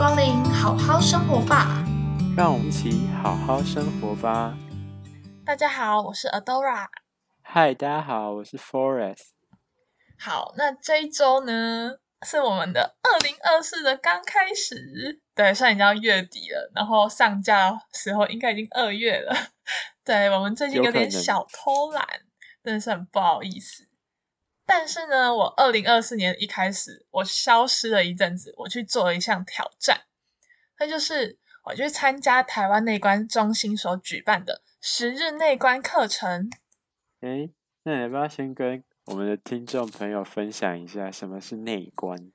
光臨，好好生活吧。讓我們一起好好生活吧。大家好，我是 Adora。嗨，大家好，我是 Forest。好，那這一周呢，是我們的二零二四的剛開始。對，現在已經到月底了。然後上架時候應該已經二月了。 對，我們最近有點小偷懶，真的是很不好意思。但是呢，我二零二四年一開始，我消失了一陣子，我去做了一項挑戰，那就是我去參加台灣內觀中心所舉辦的十日內觀課程。誒、欸，那你要不要先跟我們的聽眾朋友分享一下什麼是內觀？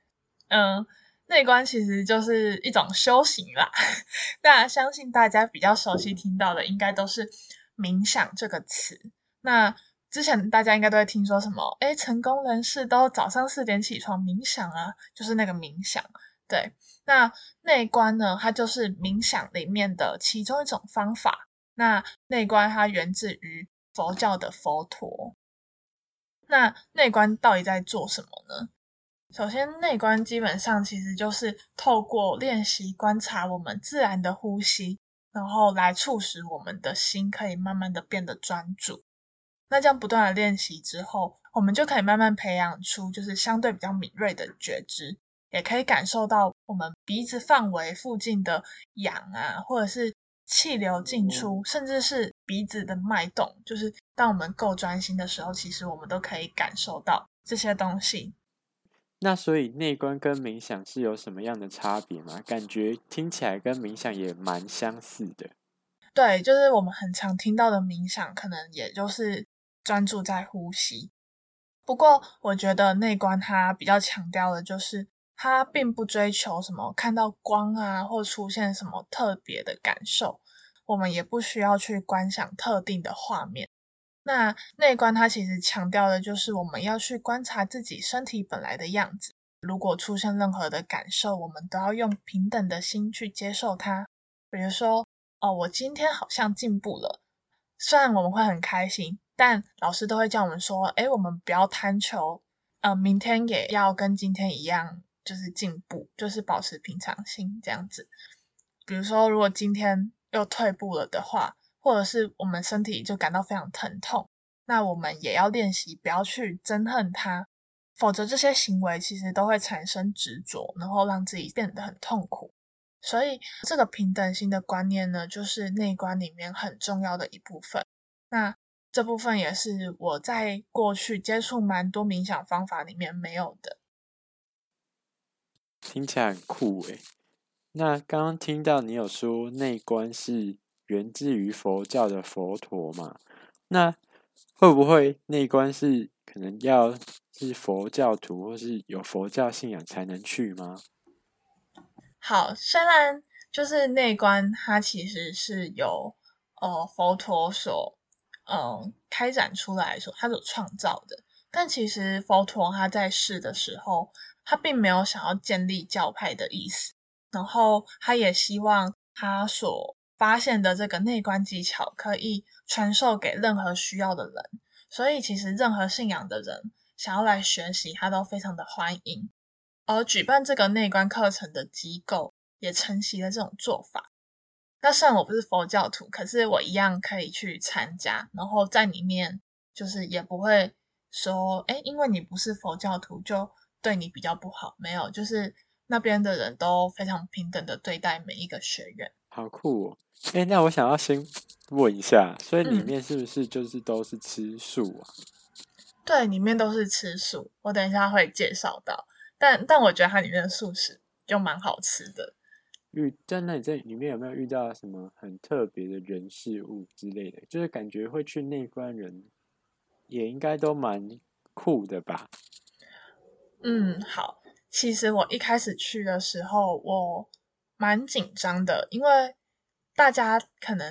嗯，內觀其實就是一種修行啦。 那相信大家比較熟悉聽到的，應該都是冥想這個詞。那之前大家應該都會聽說什麼？誒，成功人士都早上四點起床冥想啊，就是那個冥想。對，那內觀呢？它就是冥想裡面的其中一種方法。那內觀它源自於佛教的佛陀。那內觀到底在做什麼呢？首先，內觀基本上其實就是透過練習觀察我們自然的呼吸，然後來促使我們的心可以慢慢的變得專注。那這樣不斷的練習之後，我們就可以慢慢培養出就是相對比較敏銳的覺知，也可以感受到我們鼻子範圍附近的癢啊，或者是氣流進出，甚至是鼻子的脈動。就是當我們夠專心的時候，其實我們都可以感受到這些東西。那所以內觀跟冥想是有什麼樣的差別嗎？感覺聽起來跟冥想也蠻相似的。對，就是我們很常聽到的冥想，可能也就是。專注在呼吸。不過，我覺得內觀它比較強調的，就是它並不追求什麼看到光啊，或出現什麼特別的感受。我們也不需要去觀想特定的畫面。那內觀它其實強調的，就是我們要去觀察自己身體本來的樣子。如果出現任何的感受，我們都要用平等的心去接受它。比如說，哦，我今天好像進步了，雖然我們會很開心。但老師都會叫我們說：“誒、欸、我們不要貪求，嗯、呃，明天也要跟今天一樣，就是進步，就是保持平常心這樣子。比如說，如果今天又退步了的話，或者是我們身體就感到非常疼痛，那我們也要練習，不要去憎恨它，否則這些行為其實都會產生執着，然後讓自己變得很痛苦。所以，這個平等心的觀念呢，就是內觀裡面很重要的一部分。那。”這部分也是我在過去接觸蠻多冥想方法裡面沒有的。聽起來很酷耶！那剛剛聽到你有說內觀是源自於佛教的佛陀嘛？那會不會內觀是可能要是佛教徒或是有佛教信仰才能去嗎？好，雖然就是內觀，它其實是有呃佛陀所，嗯，開展出來，所他所創造的，但其實佛陀他在世的時候，他並沒有想要建立教派的意思，然後他也希望他所發現的這個內觀技巧可以傳授給任何需要的人，所以其實任何信仰的人想要來學習，他都非常的歡迎，而舉辦這個內觀課程的機構也承襲了這種做法。那雖然我不是佛教徒，可是我一樣可以去參加，然後在裡面就是也不會說，哎、欸，因為你不是佛教徒就對你比較不好，沒有，就是那邊的人都非常平等的對待每一個學員。好酷哦！哎、欸，那我想要先問一下，所以裡面是不是就是都是吃素啊？嗯、對，裡面都是吃素，我等一下會介紹到，但但我覺得它裡面的素食就蠻好吃的。遇在那在裡，裡面有沒有遇到什麼很特別的人事物之類的？就是感覺會去那關人也應該都蠻酷的吧。嗯，好，其實我一開始去的時候，我蠻緊張的，因為大家可能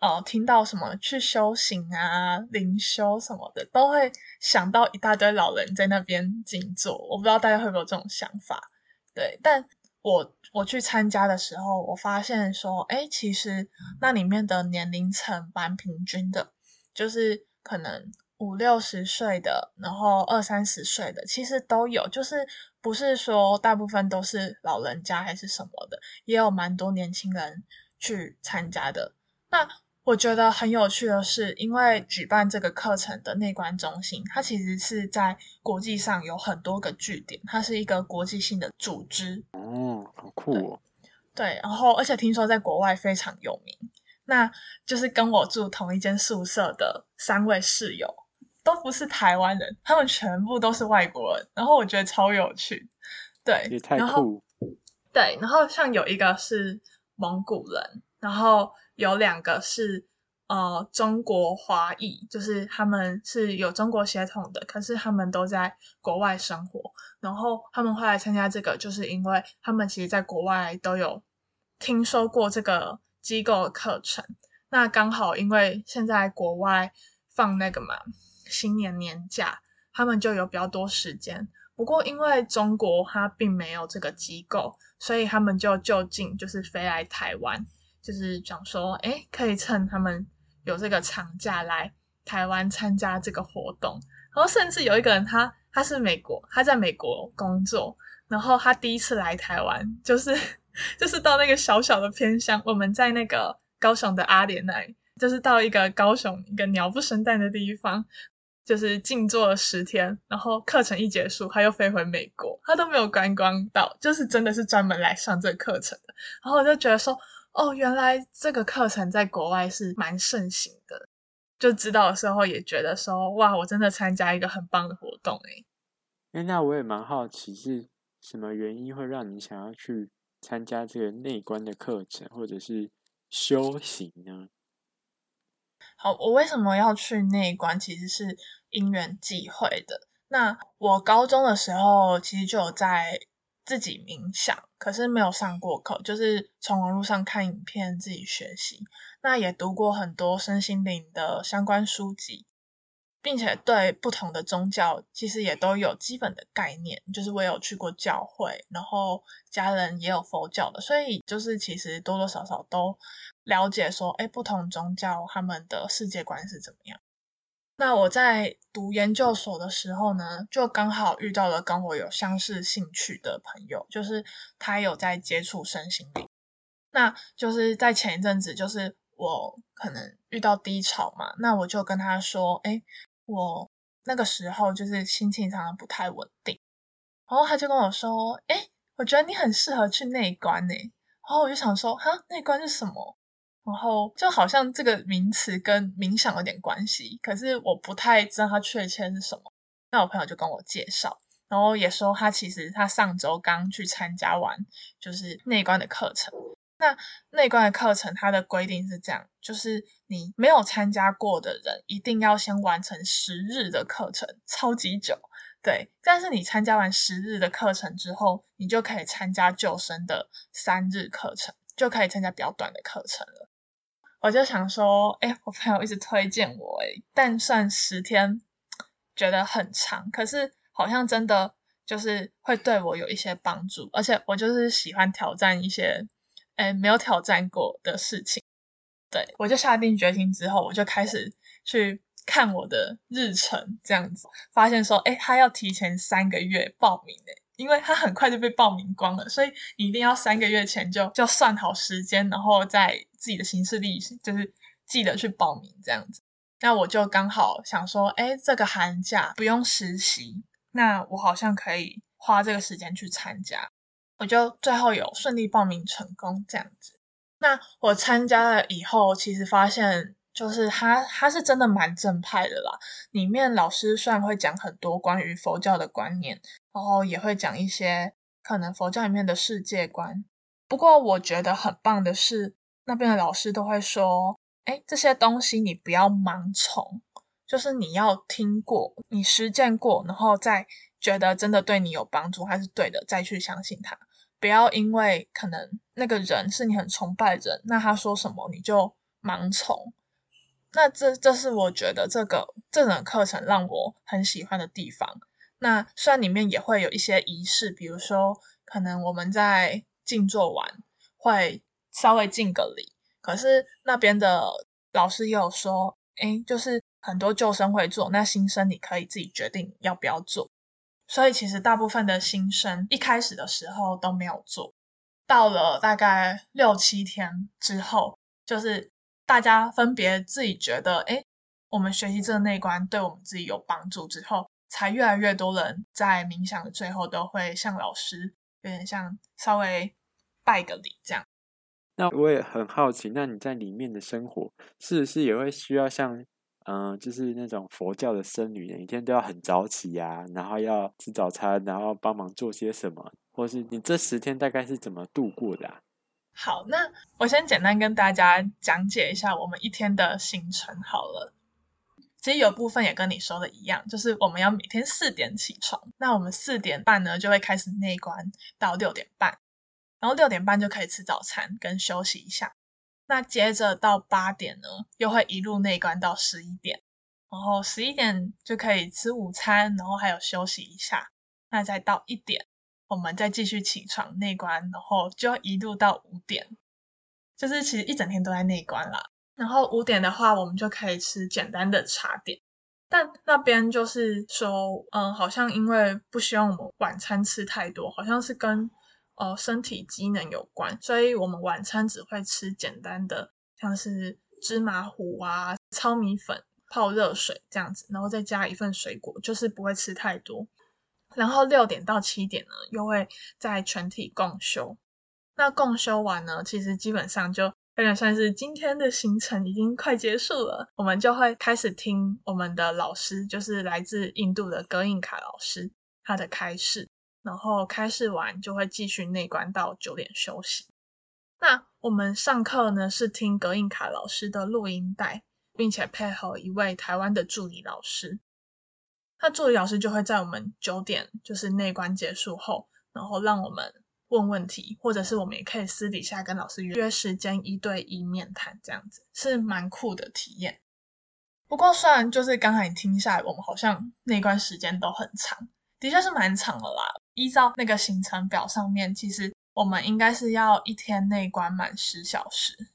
哦、呃、聽到什麼去修行啊、靈修什麼的，都會想到一大堆老人在那邊靜坐。我不知道大家會不會有這種想法，對，但我。我去參加的時候，我發現說，誒，其實那裡面的年齡層蠻平均的，就是可能五六十歲的，然後二三十歲的，其實都有，就是不是說大部分都是老人家還是什麼的，也有蠻多年輕人去參加的。那我覺得很有趣的是，因為舉辦這個課程的內觀中心，它其實是在國際上有很多個據點，它是一個國際性的組織。嗯，好酷哦，對。對，然後而且聽說在國外非常有名。那就是跟我住同一間宿舍的三位室友，都不是台灣人，他們全部都是外國人。然後我覺得超有趣。對，也太酷。然後對，然後像有一個是蒙古人，然後。有兩個是呃中國華裔，就是他們是有中國血統的，可是他們都在國外生活，然後他們會來參加這個，就是因為他們其實在國外都有聽說過這個機構的課程，那剛好因為現在國外放那個嘛新年年假，他們就有比較多時間，不過因為中國它並沒有這個機構，所以他們就就近就是飛來台灣。就是講說，哎，可以趁他們有這個長假來台灣參加這個活動。然後甚至有一個人他，他他是美國，他在美國工作，然後他第一次來台灣，就是就是到那個小小的偏鄉，我們在那個高雄的阿蓮那裡，就是到一個高雄，一個鳥不生蛋的地方，就是靜坐了十天。然後課程一結束，他又飛回美國，他都沒有觀光到，就是真的是專門來上這個課程的。然後我就覺得說。哦，原來這個課程在國外是蠻盛行的，就知道的時候也覺得說，哇，我真的參加一個很棒的活動誒。欸，那我也蠻好奇是什麼原因會讓你想要去參加這個內觀的課程或者是修行呢？好，我為什麼要去內觀，其實是因緣際會的。那我高中的時候其實就有在。自己冥想，可是沒有上過課，就是從網絡上看影片，自己學習。那也讀過很多身心靈的相關書籍，並且對不同的宗教其實也都有基本的概念。就是我有去過教會，然後家人也有佛教的，所以就是其實多多少少都了解說，哎，不同宗教他們的世界觀是怎麼樣。那我在讀研究所的時候呢，就剛好遇到了跟我有相似興趣的朋友，就是他有在接觸身心靈。那就是在前一陣子，就是我可能遇到低潮嘛，那我就跟他說：“哎，我那個時候就是心情常常不太穩定。”然後他就跟我說：“哎，我覺得你很適合去內觀呢。”然後我就想說：“哈，內觀是什麼？”然後就好像這個名詞跟冥想有點關係，可是我不太知道它確切是什麼。那我朋友就跟我介紹，然後也說他其實他上周剛去參加完就是內觀的課程。那內觀的課程它的規定是這樣，就是你沒有參加過的人一定要先完成十日的課程，超級久，對。但是你參加完十日的課程之後，你就可以參加舊生的三日課程，就可以參加比較短的課程了。我就想說，哎、欸，我朋友一直推薦我，欸，但算十天覺得很長，可是好像真的就是會對我有一些幫助，而且我就是喜歡挑戰一些，哎、欸，沒有挑戰過的事情，對，我就下定決心之後，我就開始去看我的日程，這樣子發現說，哎、欸，他要提前三個月報名，欸。因為他很快就被報名光了，所以你一定要三個月前就就算好時間，然後在自己的行事曆就是記得去報名這樣子。那我就剛好想說，誒，這個寒假不用實習，那我好像可以花這個時間去參加。我就最後有順利報名成功這樣子。那我參加了以後，其實發現就是他他是真的蠻正派的啦。裡面老師雖然會講很多關於佛教的觀念。然後也會講一些可能佛教裡面的世界觀，不過我覺得很棒的是，那邊的老師都會說：“誒，這些東西你不要盲從，就是你要聽過，你實踐過，然後再覺得真的對你有幫助還是對的，再去相信他。不要因為可能那個人是你很崇拜的人，那他說什麼你就盲從。那這這是我覺得這個這種課程讓我很喜歡的地方。”那雖然裡面也會有一些儀式，比如說可能我們在靜坐完會稍微敬個禮，可是那邊的老師也有說，誒，就是很多舊生會做，那新生你可以自己決定要不要做。所以其實大部分的新生一開始的時候都沒有做，到了大概六七天之後，就是大家分別自己覺得，誒，我們學習這個內觀對我們自己有幫助之後。才越來越多人在冥想的最後都會向老師，有點像稍微拜個禮這樣。那我也很好奇，那你在裡面的生活是不是也會需要像嗯、呃，就是那種佛教的僧侶，每天都要很早起呀、啊，然後要吃早餐，然後幫忙做些什麼，或是你這十天大概是怎麼度過的、啊？好，那我先簡單跟大家講解一下我們一天的行程好了。其實有部分也跟你說的一樣，就是我們要每天四點起床，那我們四點半呢就會開始內觀到六點半，然後六點半就可以吃早餐跟休息一下，那接着到八點呢又會一路內觀到十一點，然後十一點就可以吃午餐，然後還有休息一下，那再到一點我們再繼續起床內觀，然後就一路到五點，就是其實一整天都在內觀啦。然後五點的話，我們就可以吃簡單的茶點，但那邊就是說，嗯、呃，好像因為不希望我們晚餐吃太多，好像是跟哦、呃，身體機能有關，所以我們晚餐只會吃簡單的，像是芝麻糊啊、糙米粉、泡熱水這樣子，然後再加一份水果，就是不會吃太多。然後六點到七點呢，又會在全體共修，那共修完呢，其實基本上就。有點算是今天的行程已經快結束了，我們就會開始聽我們的老師，就是來自印度的格印卡老師他的開示，然後開示完就會繼續內觀到九點休息。那我們上課呢是聽格印卡老師的錄音帶，並且配合一位台灣的助理老師，那助理老師就會在我們九點就是內觀結束後，然後讓我們。問問題，或者是我們也可以私底下跟老師約約時間，一對一面談，這樣子是蠻酷的體驗。不過，雖然就是剛才你聽下來，我們好像內觀時間都很長，的確是蠻長的啦。依照那個行程表上面，其實我們應該是要一天內觀滿十小時。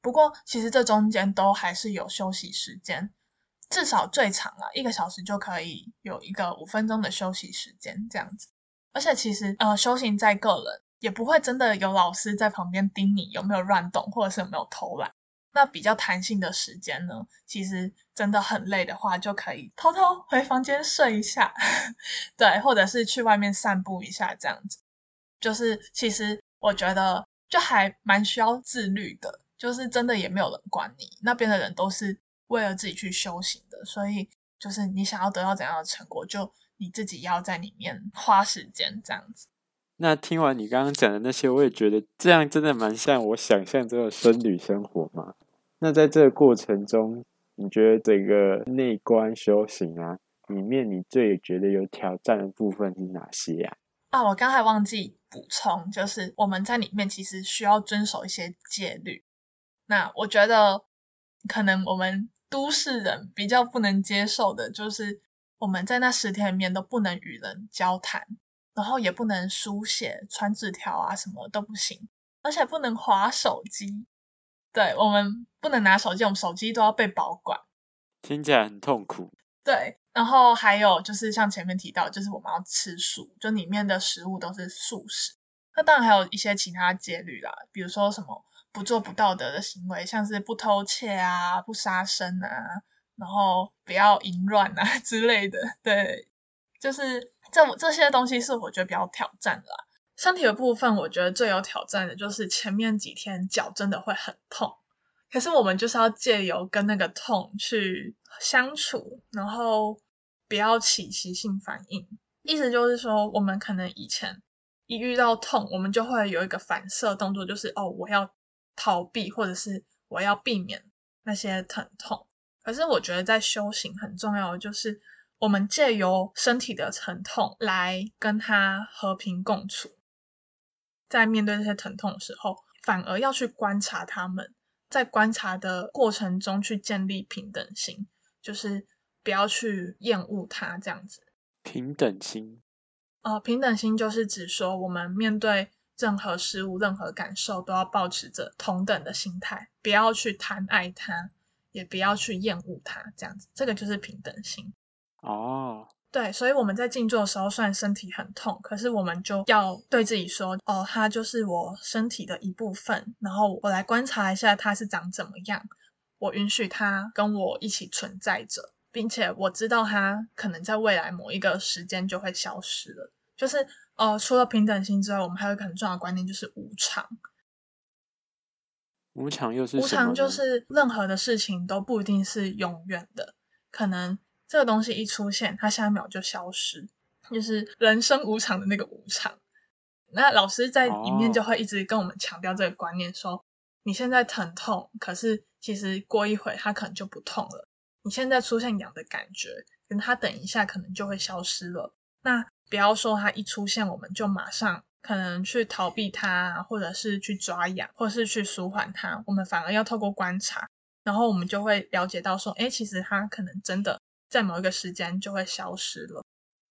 不過，其實這中間都還是有休息時間，至少最長了一個小時就可以有一個五分鐘的休息時間，這樣子。而且其實，呃，修行在個人，也不會真的有老師在旁邊盯你有沒有亂動，或者是有沒有偷懶。那比較彈性的時間呢，其實真的很累的話，就可以偷偷回房間睡一下， 對，或者是去外面散步一下，這樣子。就是其實我覺得，就還蠻需要自律的。就是真的也沒有人管你，那邊的人都是為了自己去修行的，所以就是你想要得到怎樣的成果，就。你自己要在裡面花時間這樣子。那聽完你剛剛講的那些，我也覺得這樣真的蠻像我想象中的僧侶生活嘛。那在這個過程中，你覺得整個內觀修行啊，裡面你最覺得有挑戰的部分是哪些啊？啊，我剛才忘記補充，就是我們在裡面其實需要遵守一些戒律。那我覺得，可能我們都市人比較不能接受的就是。我們在那十天裡面都不能與人交談，然後也不能書寫、傳紙條啊，什麼都不行，而且不能滑手機。對，我們不能拿手機，我們手機都要被保管。聽起來很痛苦。對，然後還有就是像前面提到，就是我們要吃素，就裡面的食物都是素食。那當然還有一些其他戒律啦，比如說什麼不做不道德的行為，像是不偷竊啊、不殺生啊。然後不要淫亂啊之類的，對，就是這這些東西是我覺得比較挑戰的啦。身體的部分，我覺得最有挑戰的就是前面幾天腳真的會很痛，可是我們就是要借由跟那個痛去相處，然後不要起習性反應。意思就是說，我們可能以前一遇到痛，我們就會有一個反射動作，就是哦，我要逃避，或者是我要避免那些疼痛。可是我覺得在修行很重要的就是，我們借由身體的疼痛，來跟他和平共處，在面對這些疼痛的時候，反而要去觀察他們，在觀察的過程中去建立平等心，就是不要去厭惡他這樣子。平等心，哦、呃，平等心就是指說，我們面對任何事物、任何感受，都要抱持著同等的心態，不要去貪愛他。也不要去厭惡它，這樣子，這個就是平等心哦。Oh. 對，所以我們在靜坐的時候，雖然身體很痛，可是我們就要對自己說，哦，它就是我身體的一部分。然後我來觀察一下它是長怎麼樣，我允許它跟我一起存在着，並且我知道它可能在未來某一個時間就會消失了。就是，呃、哦，除了平等心之外，我們還有一個很重要的觀念，就是無常。無常又是無常，就是任何的事情都不一定是永遠的，可能這個東西一出現，它下一秒就消失，就是人生無常的那個無常。那老師在裡面就會一直跟我們強調這個觀念說，說、oh. 你現在疼痛，可是其實過一會它可能就不痛了。你現在出現癢的感覺，等它等一下可能就會消失了。那不要說它一出現，我們就馬上。可能去逃避它，或者是去抓癢，或是去舒緩它。我們反而要透過觀察，然後我們就會了解到說，欸，其實它可能真的在某一個時間就會消失了。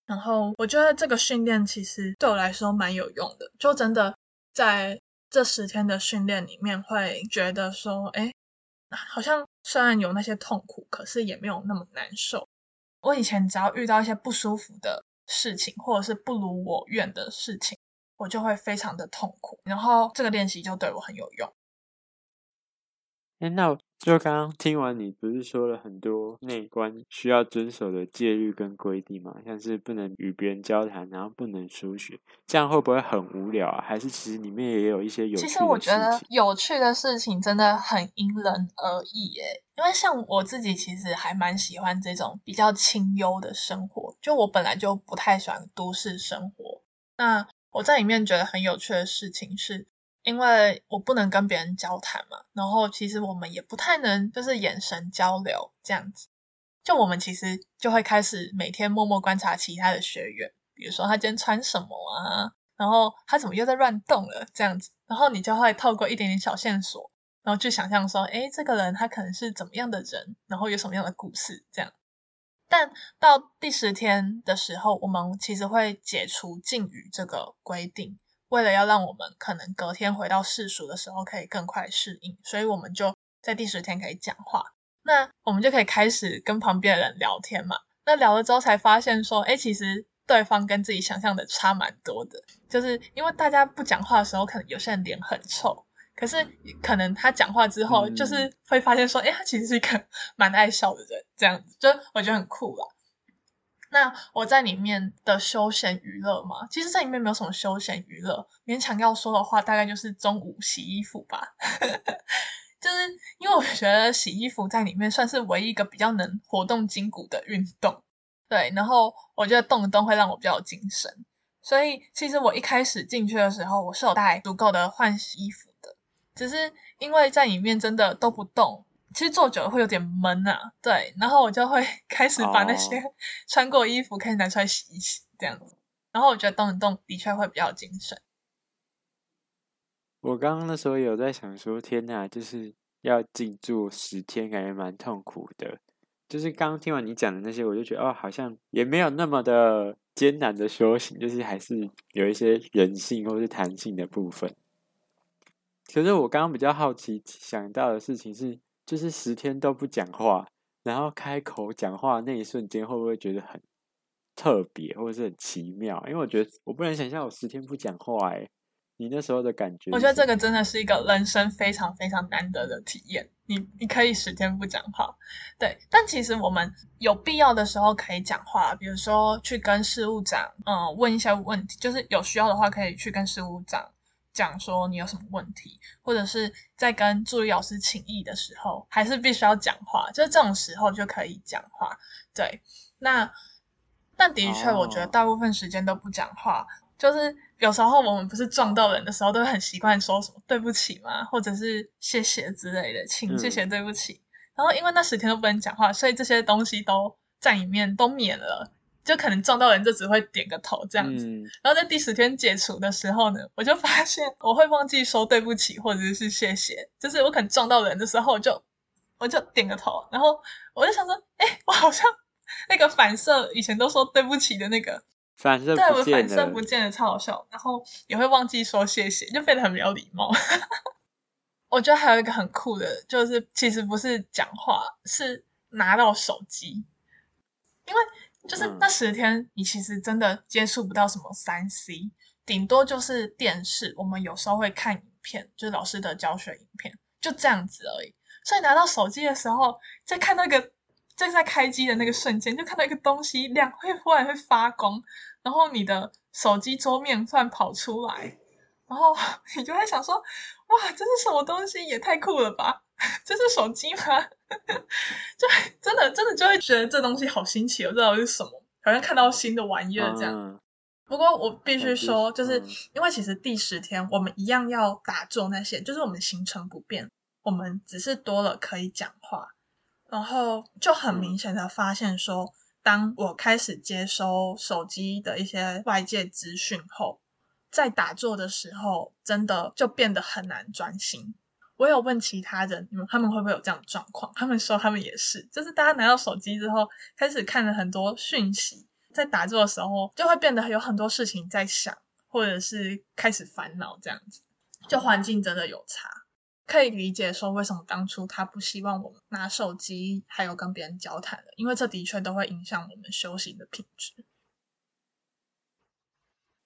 然後我覺得這個訓練其實對我來說蠻有用的，就真的在這十天的訓練裡面，會覺得說，欸，好像雖然有那些痛苦，可是也沒有那麼難受。我以前只要遇到一些不舒服的事情，或者是不如我願的事情。我就會非常的痛苦，然後這個練習就對我很有用。哎，那就剛剛聽完你不是說了很多內觀需要遵守的戒律跟規定嗎？像是不能與別人交談，然後不能書寫，這樣會不會很無聊啊？還是其實裡面也有一些有趣的事情？其實我覺得有趣的事情真的很因人而異，欸，耶。因為像我自己其實還蠻喜歡這種比較清幽的生活，就我本來就不太喜歡都市生活，那，我在裡面覺得很有趣的事情，是因為我不能跟別人交談嘛，然後其實我們也不太能就是眼神交流這樣子，就我們其實就會開始每天默默觀察其他的學員，比如說他今天穿什麼啊，然後他怎麼又在亂動了這樣子，然後你就會透過一點點小線索，然後去想象說，誒，這個人他可能是怎麼樣的人，然後有什麼樣的故事這樣。但到第十天的時候，我們其實會解除禁語這個規定，為了要讓我們可能隔天回到世俗的時候可以更快適應，所以我們就在第十天可以講話。那我們就可以開始跟旁邊的人聊天嘛。那聊了之後才發現說，哎，其實對方跟自己想象的差蠻多的，就是因為大家不講話的時候，可能有些人臉很臭。可是可能他講話之後，就是會發現說，哎、嗯，欸，他其實是一個蠻愛笑的人，這樣子，就我覺得很酷啦。那我在裡面的休閒娛樂嘛，其實在裡面沒有什麼休閒娛樂，勉強要說的話，大概就是中午洗衣服吧。 就是因為我覺得洗衣服在裡面算是唯一一個比較能活動筋骨的運動，對。然後我覺得動一動會讓我比較有精神，所以其實我一開始進去的時候，我是有帶足夠的換洗衣服。只是因為在裡面真的都不動，其實坐久了會有點悶啊。對，然後我就會開始把那些、oh. 穿過衣服開始拿出來洗一洗，這樣子。然後我覺得動一動的確會比較精神。我剛剛的時候有在想說，天哪，就是要靜坐十天，感覺蠻痛苦的。就是剛剛聽完你講的那些，我就覺得哦，好像也沒有那麼的艱難的修行，就是還是有一些人性或是彈性的部分。其實我剛剛比較好奇想到的事情是，就是十天都不講話，然後開口講話的那一瞬間，會不會覺得很特別，或者是很奇妙？因為我覺得我不能想象我十天不講話、欸，哎，你那時候的感覺。我覺得這個真的是一個人生非常非常難得的體驗。你你可以十天不講話，對，但其實我們有必要的時候可以講話，比如說去跟事務長，嗯，問一下問題，就是有需要的話可以去跟事務長。講說你有什麼問題，或者是在跟助理老師請益的時候，還是必須要講話，就是這種時候就可以講話。對，那但的確，我覺得大部分時間都不講話。Oh. 就是有時候我們不是撞到人的時候，都很習慣說什麼對不起嗎？或者是謝謝之類的，請謝謝對不起。嗯。然後因為那十天都不能講話，所以這些東西都在裡面都免了。就可能撞到人，就只會點個頭這樣子，嗯。然後在第十天解除的時候呢，我就發現我會忘記說對不起，或者是謝謝。就是我可能撞到人的時候，我就我就點個頭，然後我就想說，哎，我好像那個反射以前都說對不起的那個反射不見，對，我反射不見得超好笑，然後也會忘記說謝謝，就變得很沒有禮貌。 我覺得還有一個很酷的，就是其實不是講話，是拿到手機，因為。就是那十天，你其實真的接觸不到什麼三 C，頂多就是電視。我們有時候會看影片，就是老師的教學影片，就這樣子而已。所以拿到手機的時候，在看那個正在開機的那個瞬間，就看到一個東西亮，會忽然會發光，然後你的手機桌面突然跑出來，然後你就會想說：哇，這是什麼東西？也太酷了吧！這是手機嗎？ 就真的真的就會覺得這東西好新奇哦，不知道是什麼，好像看到新的玩意兒這樣。Uh, 不過我必須說，就是 just,、uh. 因為其實第十天我們一樣要打坐那些，就是我們行程不變，我們只是多了可以講話，然後就很明顯的發現說，uh. 當我開始接收手機的一些外界資訊後，在打坐的時候真的就變得很難專心。我有問其他人，你們他們會不會有這樣的狀況？他們說他們也是，就是大家拿到手機之後，開始看了很多訊息，在打坐的時候就會變得有很多事情在想，或者是開始煩惱這樣子。就環境真的有差，可以理解說為什麼當初他不希望我們拿手機，還有跟別人交談了，因為這的確都會影響我們修行的品質。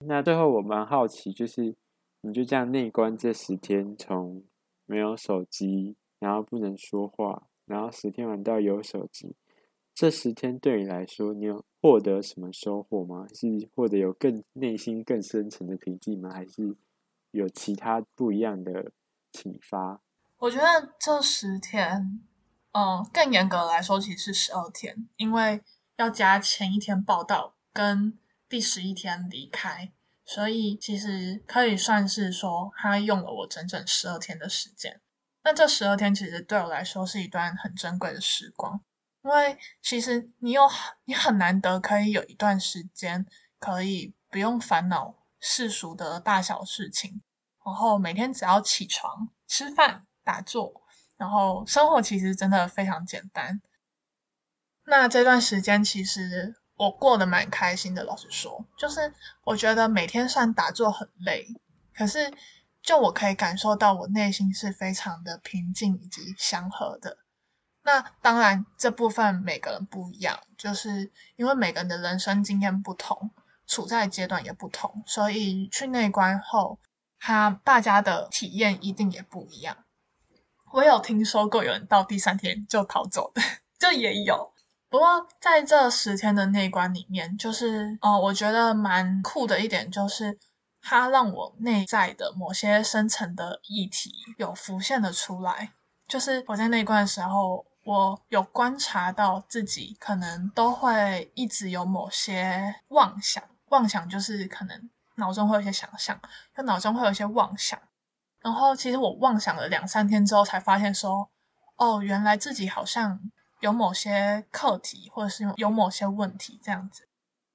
那最後我蠻好奇，就是你就這樣內觀這十天從。沒有手機，然後不能說話，然後十天完到有手機。這十天對你來說，你有獲得什麼收穫嗎？是獲得有更內心更深層的平靜嗎？還是有其他不一樣的啟發？我覺得這十天，嗯，更嚴格來說，其實是十二天，因為要加前一天報到跟第十一天離開。所以其實可以算是說，他用了我整整十二天的時間。那這十二天其實對我來說是一段很珍貴的時光，因為其實你有你很難得可以有一段時間可以不用煩惱世俗的大小事情，然後每天只要起床、吃飯、打坐，然後生活其實真的非常簡單。那這段時間其實。我過得蠻開心的，老實說，就是我覺得每天算打坐很累，可是就我可以感受到我內心是非常的平靜以及祥和的。那當然這部分每個人不一樣，就是因為每個人的人生經驗不同，處在階段也不同，所以去內觀後，他大家的體驗一定也不一樣。我有聽說過有人到第三天就逃走的，就也有。不過在這十天的內觀裡面，就是哦、呃，我覺得蠻酷的一點就是，它，讓我內在的某些深層的議題有浮現了出來。就是我在內觀的時候，我有觀察到自己可能都會一直有某些妄想，妄想就是可能腦中會有一些想象，就腦中會有一些妄想。然後其實我妄想了兩三天之後，才發現說，哦，原來自己好像。有某些課題，或者是有某些問題這樣子，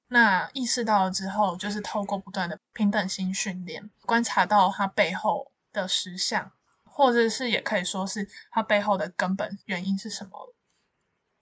那意識到了之後，就是透過不斷的平等心訓練，觀察到它背後的實相，或者是也可以說是它背後的根本原因是什麼。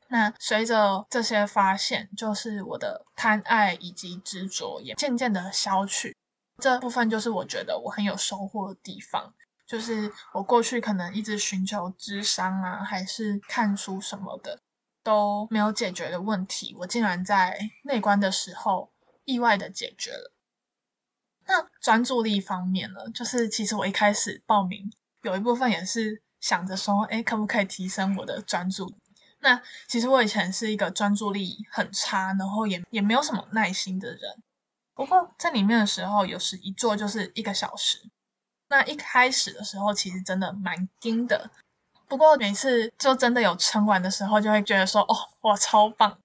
那隨着這些發現，就是我的貪愛以及執着也漸漸的消去，這部分就是我覺得我很有收穫的地方。就是我過去可能一直尋求諮商啊，還是看書什麼的，都沒有解決的問題，我竟然在內觀的時候意外的解決了。那專注力方面呢？就是其實我一開始報名，有一部分也是想着說，哎、欸，可不可以提升我的專注力？那其實我以前是一個專注力很差，然後也也沒有什麼耐心的人。不過在裡面的時候，有時一坐就是一個小時。那一開始的時候，其實真的蠻驚的。不過每次就真的有撐完的時候，就會覺得說：“哦，哇，超棒！”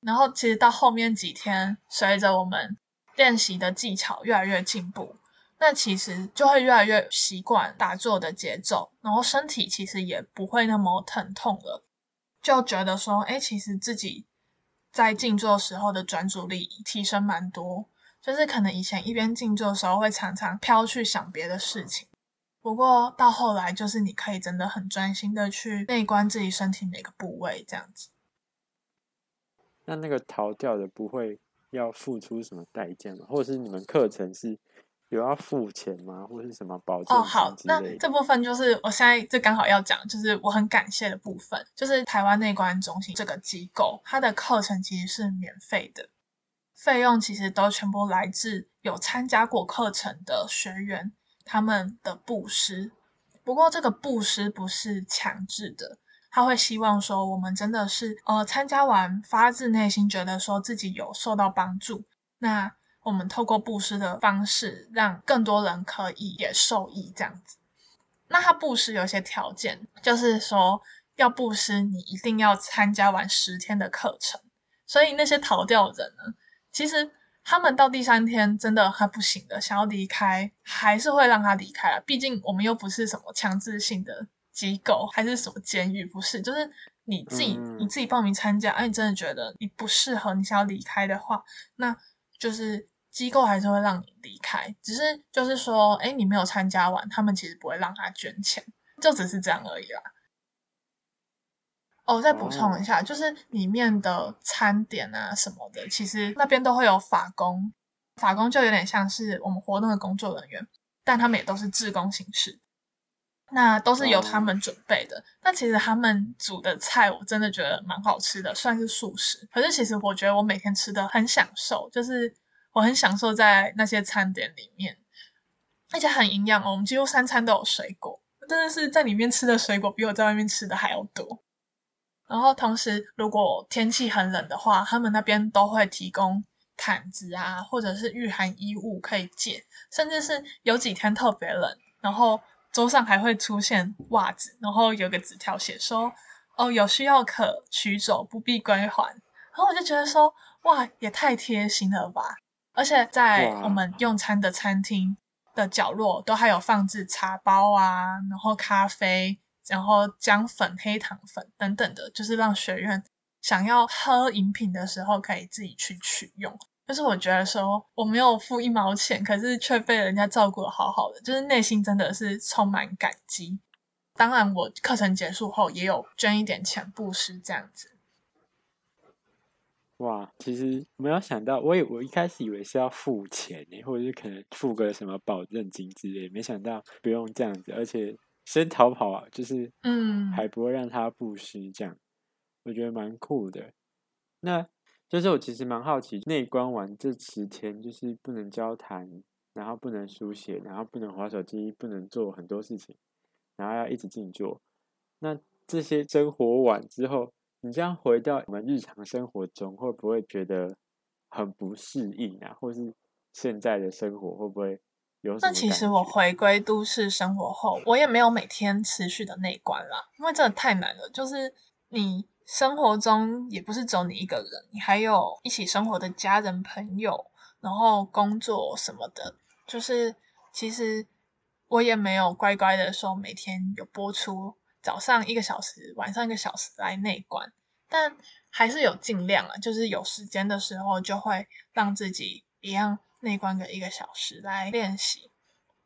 然後其實到後面幾天，隨着我們練習的技巧越來越進步，那其實就會越來越習慣打坐的節奏，然後身體其實也不會那麼疼痛了，就覺得說：“哎，其實自己在靜坐時候的專注力提升蠻多。”就是可能以前一邊靜坐的時候會常常飄去想別的事情，不過到後來就是你可以真的很專心的去內觀自己身體哪個部位這樣子。那那個逃掉的不會要付出什麼代價嗎？或者是你們課程是有要付錢嗎？或是什麼保證？哦、oh, 好，那這部分就是我現在就剛好要講，就是我很感謝的部分，就是台灣內觀中心這個機構，它的課程其實是免費的。費用其實都全部來自有參加過課程的學員他們的布施，不過這個布施不是強制的，他會希望說我們真的是呃參加完發自內心覺得說自己有受到幫助，那我們透過布施的方式讓更多人可以也受益這樣子。那他布施有一些條件，就是說要布施你一定要參加完十天的課程，所以那些逃掉的人呢？其實他們到第三天真的很不行的，想要離開，還是會讓他離開了。畢竟我們又不是什麼強制性的機構，還是什麼監獄，不是，就是你自己你自己報名參加，哎、啊，你真的覺得你不適合，你想要離開的話，那就是機構還是會讓你離開，只是就是說，哎，你沒有參加完，他們其實不會讓他捐錢，就只是這樣而已啦。哦、oh，再補充一下，就是裡面的餐點啊什麼的，其實那邊都會有法工，法工就有點像是我們活動的工作人員，但他們也都是志工形式，那都是由他們準備的。那、oh. 其實他們煮的菜我真的覺得蠻好吃的，算是素食。可是其實我覺得我每天吃的很享受，就是我很享受在那些餐點裡面，而且很營養。哦，我們幾乎三餐都有水果，真的是在裡面吃的水果比我在外面吃的還要多。然後同時，如果天氣很冷的話，他們那邊都會提供毯子啊，或者是御寒衣物可以借，甚至是有幾天特別冷，然後桌上還會出現襪子，然後有個紙條寫說，哦，有需要可取走，不必歸還。然後我就覺得說，哇，也太貼心了吧！而且在我們用餐的餐廳的角落，都還有放置茶包啊，然後咖啡。然後薑粉、黑糖粉等等的，就是讓學員想要喝飲品的時候可以自己去取用。但是我覺得說，我沒有付一毛錢，可是卻被人家照顧的好好的，就是內心真的是充滿感激。當然，我課程結束後也有捐一點錢布施這樣子。哇，其實沒有想到，我我一開始以為是要付錢，欸，或者是可能付個什麼保證金之類，沒想到不用這樣子，而且。先逃跑啊，就是，嗯，還不會讓他布施這樣，嗯，我覺得蠻酷的。那，就是我其實蠻好奇，內觀完這十天就是不能交談，然後不能書寫，然後不能滑手機，不能做很多事情，然後要一直靜坐。那這些生活完之後，你這樣回到我們日常生活中，會不會覺得很不適應啊？或是現在的生活會不會？那其實我回歸都市生活後，我也沒有每天持續的內觀啦，因為真的太難了。就是你生活中也不是只有你一個人，你還有一起生活的家人、朋友，然後工作什麼的。就是其實我也沒有乖乖的說每天有播出早上一個小時、晚上一個小時來內觀，但還是有盡量啊，就是有時間的時候就會讓自己一樣。內觀個一個小時來練習，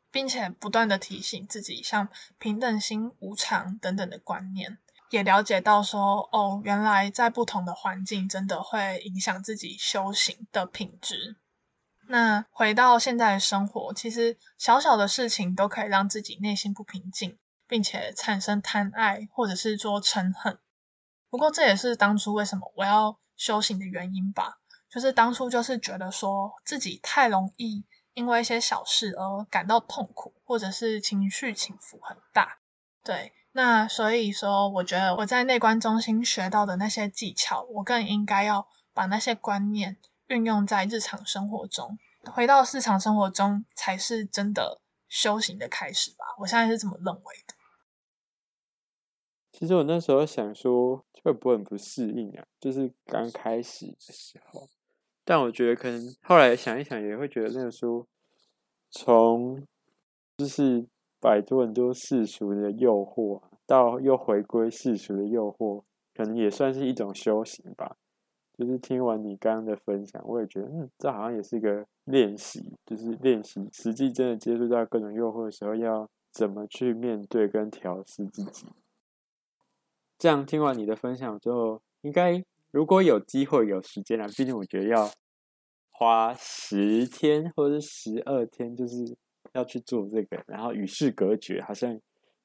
並且不斷地提醒自己，像平等心、無常等等的觀念，也了解到說，哦，原來在不同的環境，真的會影響自己修行的品質。那回到現在的生活，其實小小的事情都可以讓自己內心不平靜，並且產生貪愛或者是說嗔恨。不過這也是當初為什麼我要修行的原因吧。就是當初就是覺得說自己太容易因為一些小事而感到痛苦，或者是情緒起伏很大。對，那所以說，我覺得我在內觀中心學到的那些技巧，我更應該要把那些觀念運用在日常生活中，回到日常生活中才是真的修行的開始吧。我現在是這麼認為的。其實我那時候想說，就會不會很不適應啊？就是剛開始的時候。但我覺得可能後來想一想，也會覺得那個書從就是擺脫很多世俗的誘惑，到又回歸世俗的誘惑，可能也算是一種修行吧。就是聽完你剛剛的分享，我也覺得，嗯，這好像也是一個練習，就是練習實際真的接觸到各種誘惑的時候，要怎麼去面對跟調適自己。這樣聽完你的分享之後，應該。如果有機會有時間啊，畢竟我覺得要花十天或者是十二天，就是要去做這個，然後與世隔絕，好像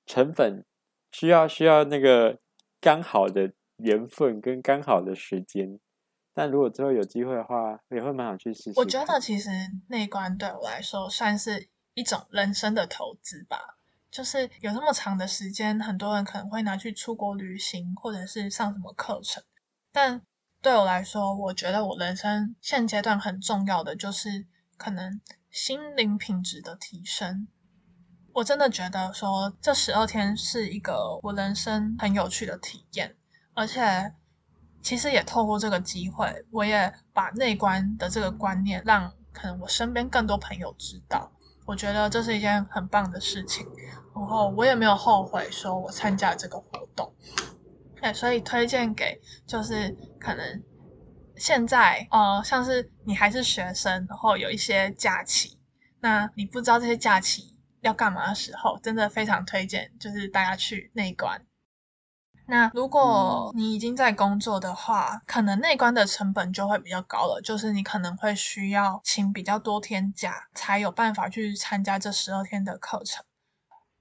成本需要需要那個剛好的緣分跟剛好的時間。但如果之後有機會的話，也會蠻想去試試。我覺得其實內觀對我來說算是一種人生的投資吧，就是有那麼長的時間，很多人可能會拿去出國旅行，或者是上什麼課程。但對我來說，我覺得我人生現階段很重要的就是可能心靈品質的提升。我真的覺得說這十二天是一個我人生很有趣的體驗，而且其實也透過這個機會，我也把內觀的這個觀念讓可能我身邊更多朋友知道。我覺得這是一件很棒的事情，然後我也沒有後悔說我參加這個活動。哎、欸，所以推薦給就是可能現在哦、呃，像是你還是學生，然後有一些假期，那你不知道這些假期要幹嘛的時候，真的非常推薦，就是大家去內觀。那如果你已經在工作的話，可能內觀的成本就會比較高了，就是你可能會需要請比較多天假，才有辦法去參加這十二天的課程。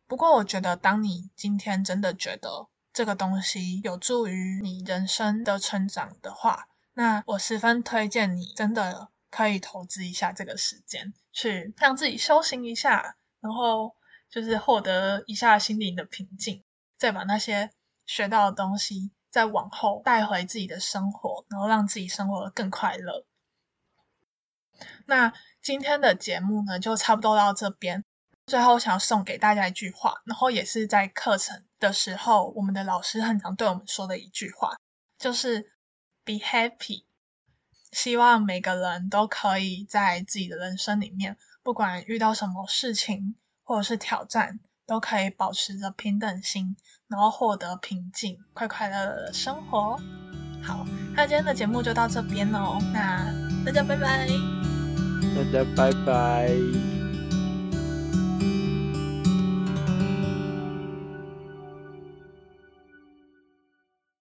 不過我覺得，當你今天真的覺得，這個東西有助於你人生的成長的話，那我十分推薦你，真的可以投資一下這個時間，去讓自己修行一下，然後就是獲得一下心靈的平靜，再把那些學到的東西再往後帶回自己的生活，然後讓自己生活更快樂。那今天的節目呢，就差不多到這邊。最後，想要送給大家一句話，然後也是在課程。的時候，我們的老師很常對我們說的一句話就是 “be happy”。希望每個人都可以在自己的人生裡面，不管遇到什麼事情或者是挑戰，都可以保持着平等心，然後獲得平靜，快快樂樂的生活。好，那今天的節目就到這邊囉。那大家拜拜，大家拜拜。